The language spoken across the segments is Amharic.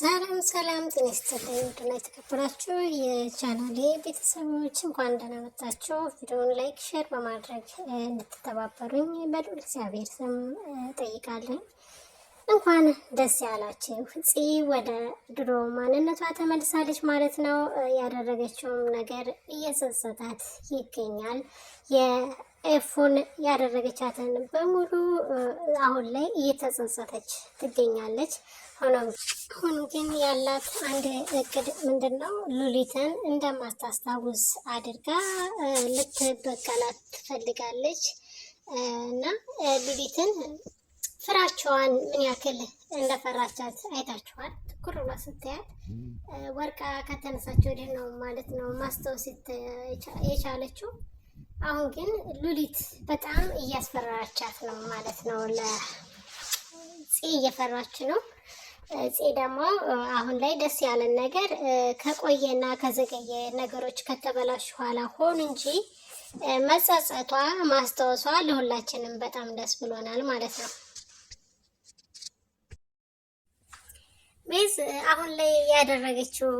ሰላም ሰላም፣ ጤና ይስጥልኝ ውድና የተከበራችሁ የቻናሌ ቤተሰቦች እንኳን ደህና መጣችሁ። ቪዲዮውን ላይክ፣ ሼር በማድረግ እንድትተባበሩኝ በልዑል እግዚአብሔር ስም ጠይቃለኝ። እንኳን ደስ ያላችሁ። ጽ ወደ ድሮ ማንነቷ ተመልሳለች ማለት ነው። ያደረገችውም ነገር እየጸጸታት ይገኛል። ኤፉን ያደረገቻትን በሙሉ አሁን ላይ እየተጸጸተች ትገኛለች። ሆኖም ሁን ግን ያላት አንድ እቅድ ምንድን ነው? ሉሊትን እንደማታስታውስ አድርጋ ልትበቀላት ትፈልጋለች እና ሉሊትን ፍራቸዋን ምን ያክል እንደፈራቻት አይታችኋል። ትኩር ብላ ስታያት ወርቃ ከተነሳች ወዲህ ነው ማለት ነው ማስታወስ የቻለችው። አሁን ግን ሉሊት በጣም እያስፈራቻት ነው ማለት ነው። ለጽ እየፈራች ነው። ፄ ደግሞ አሁን ላይ ደስ ያለን ነገር ከቆየና ከዘገየ ነገሮች ከተበላሽ ኋላ ሆኑ እንጂ መጸጸቷ ማስታወሷ ለሁላችንም በጣም ደስ ብሎናል ማለት ነው። ቤዝ አሁን ላይ ያደረገችው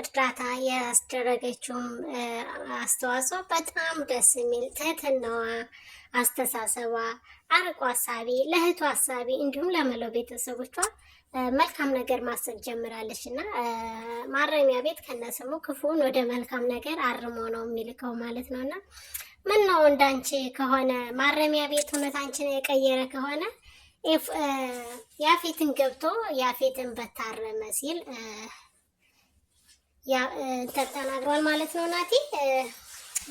እርዳታ ያስደረገችውም አስተዋጽኦ በጣም ደስ የሚል ትህትናዋ፣ አስተሳሰቧ፣ አርቆ ሀሳቢ ለእህቱ ሀሳቢ እንዲሁም ለመላው ቤተሰቦቿ መልካም ነገር ማሰብ ጀምራለች እና ማረሚያ ቤት ከነስሙ ክፉን ወደ መልካም ነገር አርሞ ነው የሚልከው ማለት ነው እና ምን ነው እንዳንቺ ከሆነ ማረሚያ ቤት እውነት አንቺን የቀየረ ከሆነ ያፌትን ገብቶ ያፌትን በታረመ ሲል ተጠናግሯል ማለት ነው። ናቲ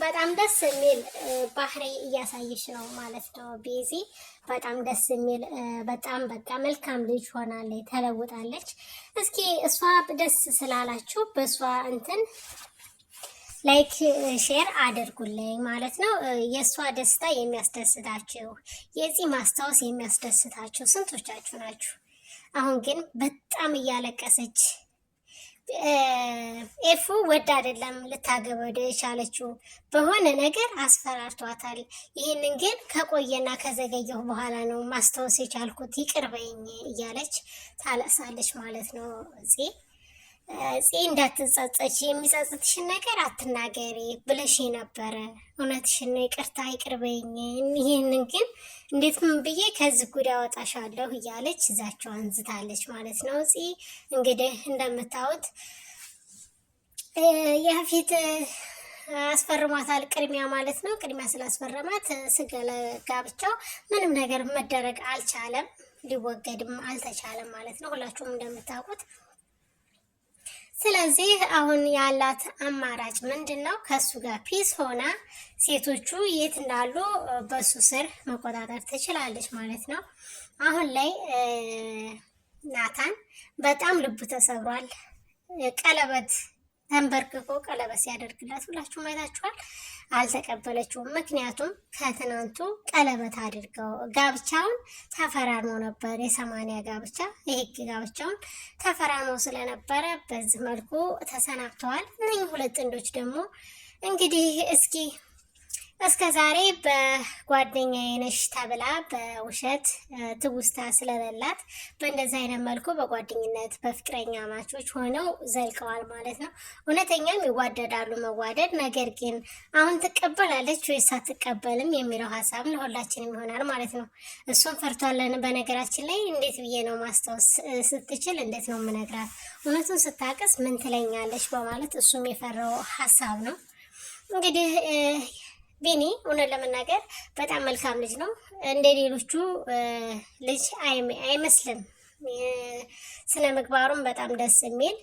በጣም ደስ የሚል ባህሪ እያሳየች ነው ማለት ነው። ቤዚ በጣም ደስ የሚል በጣም በቃ መልካም ልጅ ሆናለች፣ ተለውጣለች። እስኪ እሷ ደስ ስላላችሁ በእሷ እንትን ላይክ ሼር አድርጉልኝ ማለት ነው። የእሷ ደስታ የሚያስደስታችሁ፣ የዚህ ማስታወስ የሚያስደስታችሁ ስንቶቻችሁ ናችሁ? አሁን ግን በጣም እያለቀሰች ኤፉ ወድ አይደለም ልታገበደ የቻለችው በሆነ ነገር አስፈራርቷታል። ይህንን ግን ከቆየና ከዘገየሁ በኋላ ነው ማስታወስ የቻልኩት ይቅርበኝ እያለች ታለሳለች ማለት ነው እዚህ ፅ እንዳትጸጸች የሚጸጽትሽን ነገር አትናገሪ ብለሽ ነበረ። እውነትሽን ነው፣ ይቅርታ ይቅርበኝ። ይህንን ግን እንዴት ምን ብዬ ከዚህ ጉድ አወጣሻለሁ እያለች እዛቸው አንዝታለች ማለት ነው። ፅ እንግዲህ እንደምታዩት የፊት አስፈርሟታል ቅድሚያ ማለት ነው። ቅድሚያ ስላስፈረማት ስጋ ምንም ነገር መደረግ አልቻለም፣ ሊወገድም አልተቻለም ማለት ነው። ሁላችሁም እንደምታውቁት ስለዚህ አሁን ያላት አማራጭ ምንድን ነው? ከእሱ ጋር ፒስ ሆና ሴቶቹ የት እንዳሉ በሱ ስር መቆጣጠር ትችላለች ማለት ነው። አሁን ላይ ናታን በጣም ልቡ ተሰብሯል። ቀለበት ተንበርክኮ ቀለበት ሲያደርግላት ሁላችሁ ማየታችኋል። አልተቀበለችውም። ምክንያቱም ከትናንቱ ቀለበት አድርገው ጋብቻውን ተፈራርሞ ነበር። የሰማንያ ጋብቻ የህግ ጋብቻውን ተፈራርሞ ስለነበረ በዚህ መልኩ ተሰናብተዋል። እነኝህ ሁለት ጥንዶች ደግሞ እንግዲህ እስኪ እስከ ዛሬ በጓደኛዬ ነሽ ተብላ በውሸት ትውስታ ስለበላት በእንደዚህ አይነት መልኩ በጓደኝነት በፍቅረኛ ማቾች ሆነው ዘልቀዋል ማለት ነው። እውነተኛም ይዋደዳሉ መዋደድ። ነገር ግን አሁን ትቀበላለች ወይስ አትቀበልም የሚለው ሀሳብ ለሁላችንም ይሆናል ማለት ነው። እሱን ፈርቷለን። በነገራችን ላይ እንዴት ብዬ ነው ማስታወስ ስትችል እንዴት ነው ምነግራት እውነቱን ስታቀስ ምን ትለኛለች በማለት እሱም የፈራው ሀሳብ ነው እንግዲህ ቤኒ እውነት ለመናገር በጣም መልካም ልጅ ነው። እንደ ሌሎቹ ልጅ አይመስልም። ስነ ምግባሩም በጣም ደስ የሚል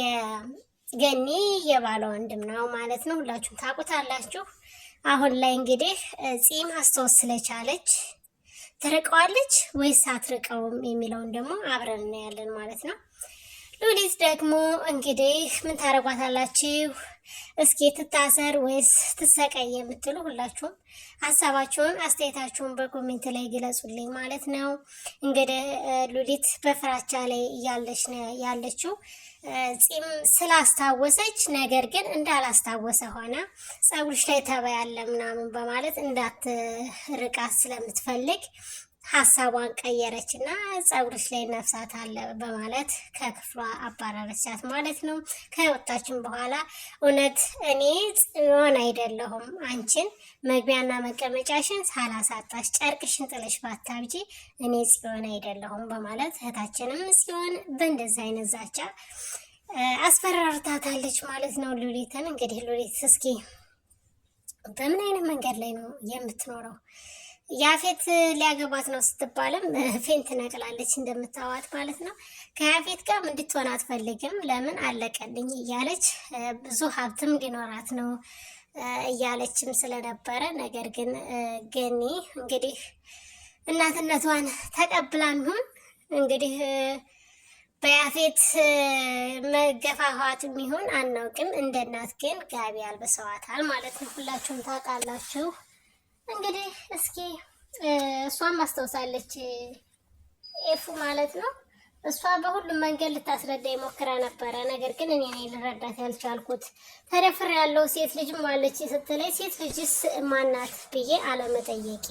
የገኒ የባለ ወንድም ነው ማለት ነው። ሁላችሁም ታውቁታላችሁ። አሁን ላይ እንግዲህ ፂም አስተወስ ስለቻለች ትርቀዋለች ወይስ አትርቀውም የሚለውን ደግሞ አብረን እናያለን ማለት ነው። ሉሊት ደግሞ እንግዲህ ምን ታደርጓታላችሁ? እስኪ ትታሰር ወይስ ትሰቀይ የምትሉ ሁላችሁም ሀሳባችሁን አስተያየታችሁን በኮሜንት ላይ ግለጹልኝ ማለት ነው። እንግዲህ ሉሊት በፍራቻ ላይ እያለች ያለችው ጺም ስላስታወሰች፣ ነገር ግን እንዳላስታወሰ ሆና ፀጉርሽ ላይ ተባያለ ምናምን በማለት እንዳትርቃት ስለምትፈልግ ሀሳቧን ቀየረች እና ጸጉርሽ ላይ ነፍሳት አለ በማለት ከክፍሏ አባረረቻት ማለት ነው። ከወጣችን በኋላ እውነት እኔ ጽዮን አይደለሁም አንቺን መግቢያና መቀመጫሽን ሳላሳጣሽ ጨርቅሽን ጥለሽ ባታብጂ እኔ ጽዮን አይደለሁም በማለት እህታችንም ጽዮን በእንደዚህ አይነት ዛቻ አስፈራርታታለች ማለት ነው። ሉሊትን እንግዲህ ሉሊት እስኪ በምን አይነት መንገድ ላይ ነው የምትኖረው? ያፌት ሊያገባት ነው ስትባልም ፌንት ነቅላለች እንደምታዋት ማለት ነው። ከያፌት ጋር እንድትሆን አትፈልግም። ለምን አለቀልኝ እያለች ብዙ ሀብትም ሊኖራት ነው እያለችም ስለነበረ ነገር ግን ገኒ እንግዲህ እናትነቷን ተቀብላ ሚሆን እንግዲህ በያፌት መገፋፋት የሚሆን አናውቅም። እንደ እናት ግን ጋቢ አልብሰዋታል ማለት ነው። ሁላችሁም ታውቃላችሁ። እንግዲህ እስኪ እሷም አስታውሳለች ኤፉ ማለት ነው። እሷ በሁሉም መንገድ ልታስረዳ የሞክራ ነበረ። ነገር ግን እኔ ነኝ ልረዳት ያልቻልኩት። ያለው ሴት ልጅም አለች ስትለኝ ሴት ልጅስ ማናት ብዬ አለመጠየቄ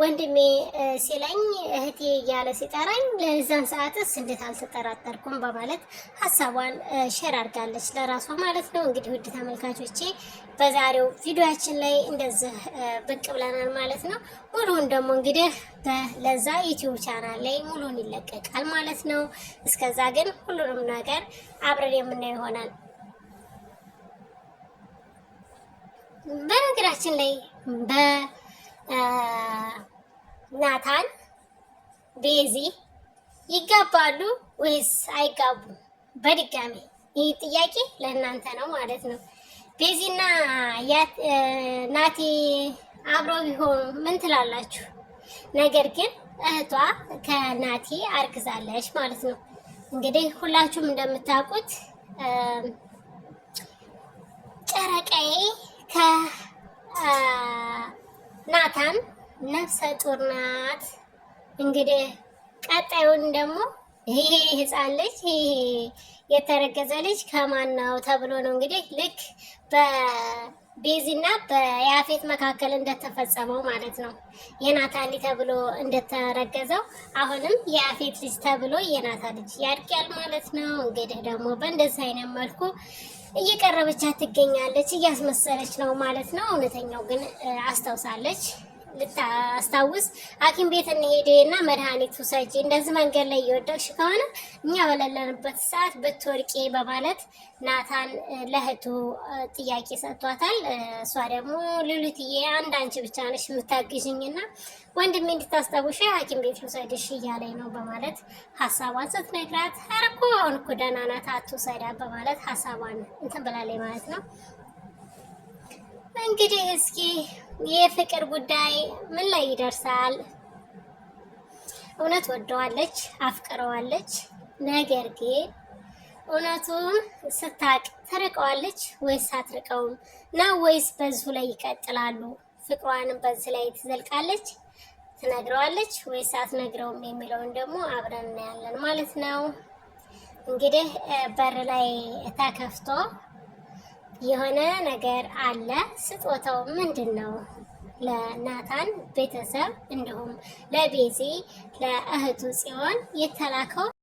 ወንድሜ ሲለኝ እህቴ እያለ ሲጠራኝ ለዛን ሰዓትስ እንዴት አልተጠራጠርኩም በማለት ሀሳቧን ሼር አድርጋለች ለራሷ ማለት ነው። እንግዲህ ውድ ተመልካቾቼ በዛሬው ቪዲዮችን ላይ እንደዚህ ብቅ ብለናል ማለት ነው። ሙሉውን ደግሞ እንግዲህ በለዛ ዩቲዩብ ቻናል ላይ ሙሉን ይለቀቃል ማለት ነው። እስከዛ ግን ሁሉንም ነገር አብረን የምናየው ይሆናል። በነገራችን ላይ በ ናታን ቤዚ ይጋባሉ ወይስ አይጋቡም? በድጋሚ ይህ ጥያቄ ለእናንተ ነው ማለት ነው። ቤዚና ናቲ አብረው ቢሆን ምን ትላላችሁ? ነገር ግን እህቷ ከናቲ አርግዛለች ማለት ነው። እንግዲህ ሁላችሁም እንደምታውቁት ጨረቃዬ ማታም ነፍሰ ጡር ናት። እንግዲህ ቀጣዩን ደግሞ ይሄ ህፃን ልጅ ይሄ የተረገዘ ልጅ ከማን ነው ተብሎ ነው እንግዲህ ልክ በቤዚና በያፌት መካከል እንደተፈጸመው ማለት ነው። የናታሊ ተብሎ እንደተረገዘው አሁንም የያፌት ልጅ ተብሎ የናታ ልጅ ያድጋል ማለት ነው። እንግዲህ ደግሞ በእንደዚህ አይነት መልኩ እየቀረበቻት ትገኛለች። እያስመሰለች ነው ማለት ነው። እውነተኛው ግን አስታውሳለች። ልታስታውስ ሐኪም ቤት እንሄድ እና መድኃኒት ውሰጂ፣ እንደዚህ መንገድ ላይ እየወደቅሽ ከሆነ እኛ በሌለንበት ሰዓት ብትወድቂ በማለት ናታን ለእህቱ ጥያቄ ሰጥቷታል። እሷ ደግሞ ሉሊትዬ አንድ አንቺ ብቻ ነሽ የምታግዥኝ እና ወንድሜ እንድታስታውሽ ሐኪም ቤት ውሰድሽ እያለኝ ነው በማለት ሀሳቧን ስትነግራት ኧረ እኮ አሁን እኮ ደህና ናት አትውሰዳት በማለት ሀሳቧን እንትን ብላለች ማለት ነው። እንግዲህ እስኪ የፍቅር ጉዳይ ምን ላይ ይደርሳል? እውነት ወደዋለች፣ አፍቅረዋለች። ነገር ግን እውነቱም ስታቅ ትርቀዋለች ወይስ አትርቀውም ነው? ወይስ በዚሁ ላይ ይቀጥላሉ? ፍቅሯንም በዚህ ላይ ትዘልቃለች፣ ትነግረዋለች ወይስ አትነግረውም የሚለውን ደግሞ አብረን እናያለን ማለት ነው። እንግዲህ በር ላይ ተከፍቶ የሆነ ነገር አለ። ስጦታው ምንድን ነው? ለናታን ቤተሰብ እንዲሁም ለቤዚ ለእህቱ ጽዮን የተላከው